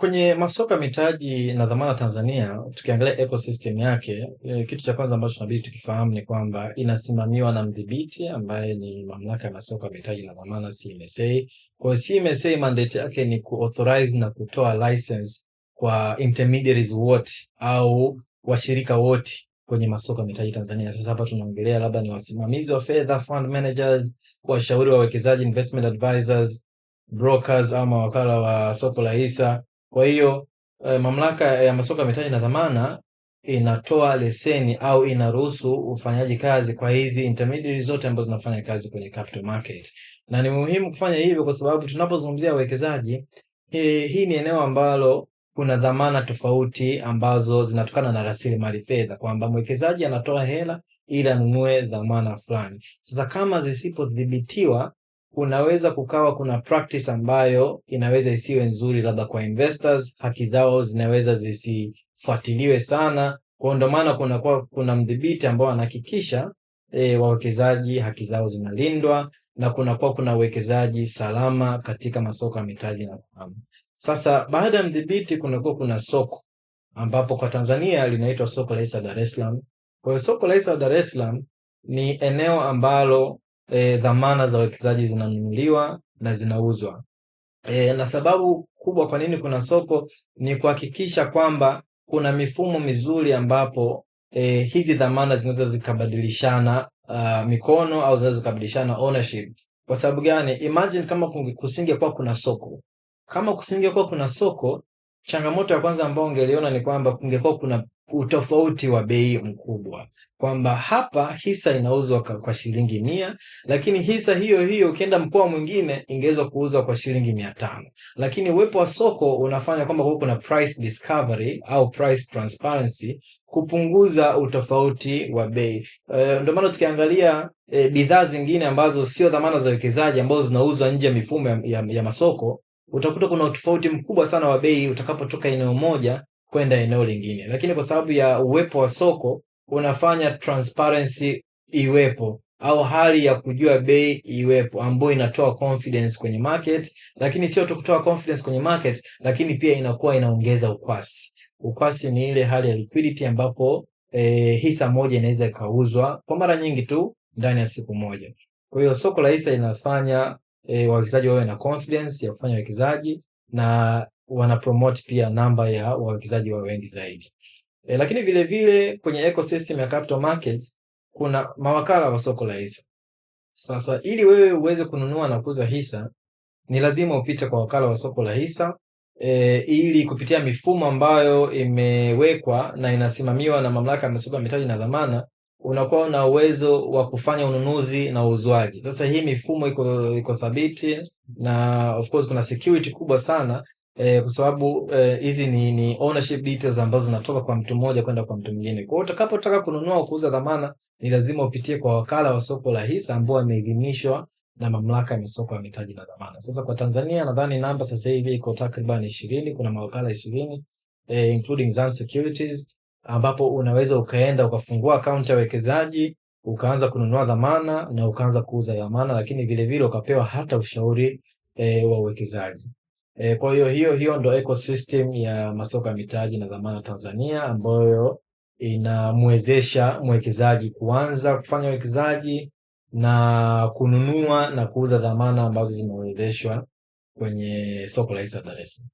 Kwenye masoko ya mitaji na dhamana Tanzania, tukiangalia ecosystem yake, e, kitu cha kwanza ambacho tunabidi tukifahamu ni kwamba inasimamiwa na mdhibiti ambaye ni mamlaka ya masoko ya mitaji na dhamana CMSA. Kwa CMSA mandate yake ni kuauthorize na kutoa license kwa intermediaries wote au washirika wote kwenye masoko ya mitaji Tanzania. Sasa hapa tunaongelea labda ni wasimamizi wa fedha, fund managers, washauri wa wawekezaji, investment advisors, brokers ama wakala wa soko la hisa kwa hiyo e, mamlaka ya masoko ya mitaji na dhamana inatoa leseni au inaruhusu ufanyaji kazi kwa hizi intermediary zote ambazo zinafanya kazi kwenye capital market, na ni muhimu kufanya hivyo kwa sababu tunapozungumzia uwekezaji e, eh, hii ni eneo ambalo kuna dhamana tofauti ambazo zinatokana na rasilimali fedha, kwamba mwekezaji anatoa hela ili anunue dhamana fulani. Sasa kama zisipodhibitiwa kunaweza kukawa kuna practice ambayo inaweza isiwe nzuri, labda kwa investors, haki zao zinaweza zisifuatiliwe sana. Kwa ndio maana kwa, kuna mdhibiti ambao anahakikisha e, eh, wawekezaji haki zao zinalindwa na kunakuwa kuna uwekezaji salama katika masoko ya mitaji na fahamu. Sasa baada ya mdhibiti, kunakuwa kuna soko ambapo kwa Tanzania linaitwa soko la hisa Dar es Salaam. Kwa hiyo soko la hisa Dar es Salaam ni eneo ambalo e, dhamana za wawekezaji zinanunuliwa na zinauzwa. E, na sababu kubwa kwa nini kuna soko ni kuhakikisha kwamba kuna mifumo mizuri ambapo e, hizi dhamana zinaweza zikabadilishana uh, mikono au zinaweza zikabadilishana ownership. Kwa sababu gani? Imagine kama kusingekuwa kuna soko. Kama kusingekuwa kuna soko, changamoto ya kwanza ambayo ungeliona ni kwamba kungekuwa kuna utofauti wa bei mkubwa, kwamba hapa hisa inauzwa kwa shilingi mia, lakini hisa hiyo hiyo ukienda mkoa mwingine ingeweza kuuzwa kwa shilingi mia tano. Lakini uwepo wa soko unafanya kwamba kuna price discovery au price transparency kupunguza utofauti wa bei. E, ndio maana tukiangalia e, bidhaa zingine ambazo sio dhamana za wekezaji ambazo zinauzwa nje ya mifumo ya, ya masoko utakuta kuna utofauti mkubwa sana wa bei utakapotoka eneo moja kwenda eneo lingine, lakini kwa sababu ya uwepo wa soko unafanya transparency iwepo au hali ya kujua bei iwepo, ambayo inatoa confidence kwenye market, lakini sio tu kutoa confidence kwenye market, lakini pia inakuwa inaongeza ukwasi. Ukwasi ni ile hali ya liquidity ambapo e, hisa moja inaweza ikauzwa kwa mara nyingi tu ndani ya siku moja. Kwa hiyo soko la hisa inafanya e, eh, wawekezaji wawe na confidence ya kufanya uwekezaji na wanapromote pia namba ya wawekezaji wa wengi zaidi. E, lakini vile vile kwenye ecosystem ya capital markets kuna mawakala wa soko la hisa. Sasa ili wewe uweze kununua na kuuza hisa ni lazima upite kwa wakala wa soko la hisa e, ili kupitia mifumo ambayo imewekwa na inasimamiwa na mamlaka ya masoko ya mitaji na dhamana, unakuwa na uwezo wa kufanya ununuzi na uuzwaji. Sasa hii mifumo iko iko thabiti na of course kuna security kubwa sana eh, kwa sababu eh, hizi eh, ni, ni ownership details ambazo zinatoka kwa mtu mmoja kwenda kwa mtu mwingine. Kwa hiyo utakapotaka kununua au kuuza dhamana ni lazima upitie kwa wakala wa soko la hisa ambao ameidhinishwa na mamlaka ya masoko ya mitaji na dhamana. Sasa kwa Tanzania nadhani namba sasa hivi iko takriban 20, kuna mawakala 20 eh, including Zan Securities ambapo unaweza ukaenda ukafungua akaunti ya wekezaji ukaanza kununua dhamana na ukaanza kuuza dhamana, lakini vilevile ukapewa hata ushauri e, wa uwekezaji. E, kwa hiyo hiyo hiyo ndo ecosystem ya masoko ya mitaji na dhamana Tanzania ambayo inamwezesha mwekezaji kuanza kufanya uwekezaji na kununua na kuuza dhamana ambazo zimewezeshwa kwenye soko la hisa Dar es Salaam.